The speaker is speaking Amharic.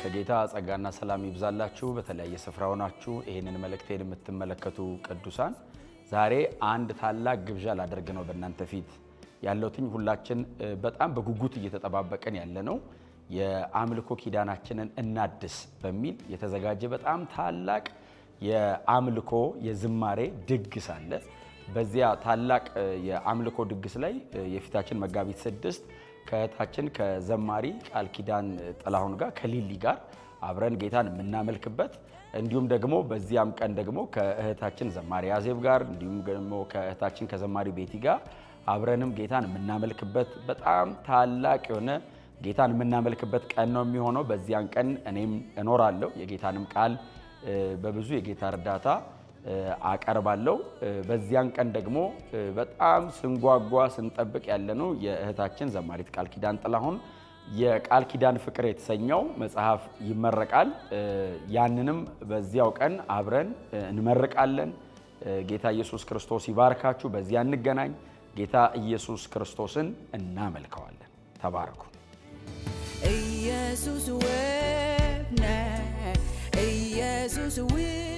ከጌታ ጸጋና ሰላም ይብዛላችሁ። በተለያየ ስፍራ ሆናችሁ ይህንን መልእክቴን የምትመለከቱ ቅዱሳን ዛሬ አንድ ታላቅ ግብዣ ላደርግ ነው በእናንተ ፊት ያለውትኝ ሁላችን በጣም በጉጉት እየተጠባበቀን ያለ ነው። የአምልኮ ኪዳናችንን እናድስ በሚል የተዘጋጀ በጣም ታላቅ የአምልኮ የዝማሬ ድግስ አለ። በዚያ ታላቅ የአምልኮ ድግስ ላይ የፊታችን መጋቢት ስድስት ከእህታችን ከዘማሪ ቃል ኪዳን ጥላሁን ጋር ከሊሊ ጋር አብረን ጌታን የምናመልክበት እንዲሁም ደግሞ በዚያም ቀን ደግሞ ከእህታችን ዘማሪ አዜብ ጋር እንዲሁም ደግሞ ከእህታችን ከዘማሪ ቤቲ ጋር አብረንም ጌታን የምናመልክበት በጣም ታላቅ የሆነ ጌታን የምናመልክበት ቀን ነው የሚሆነው። በዚያን ቀን እኔም እኖራለሁ። የጌታንም ቃል በብዙ የጌታ እርዳታ አቀርባለሁ። በዚያን ቀን ደግሞ በጣም ስንጓጓ ስንጠብቅ ያለነው የእህታችን ዘማሪት ቃል ኪዳን ጥላሁን የቃል ኪዳን ፍቅር የተሰኘው መጽሐፍ ይመረቃል። ያንንም በዚያው ቀን አብረን እንመርቃለን። ጌታ ኢየሱስ ክርስቶስ ይባርካችሁ። በዚያ እንገናኝ። ጌታ ኢየሱስ ክርስቶስን እናመልከዋለን። ተባረኩ። ኢየሱስ ውብ ነህ። ኢየሱስ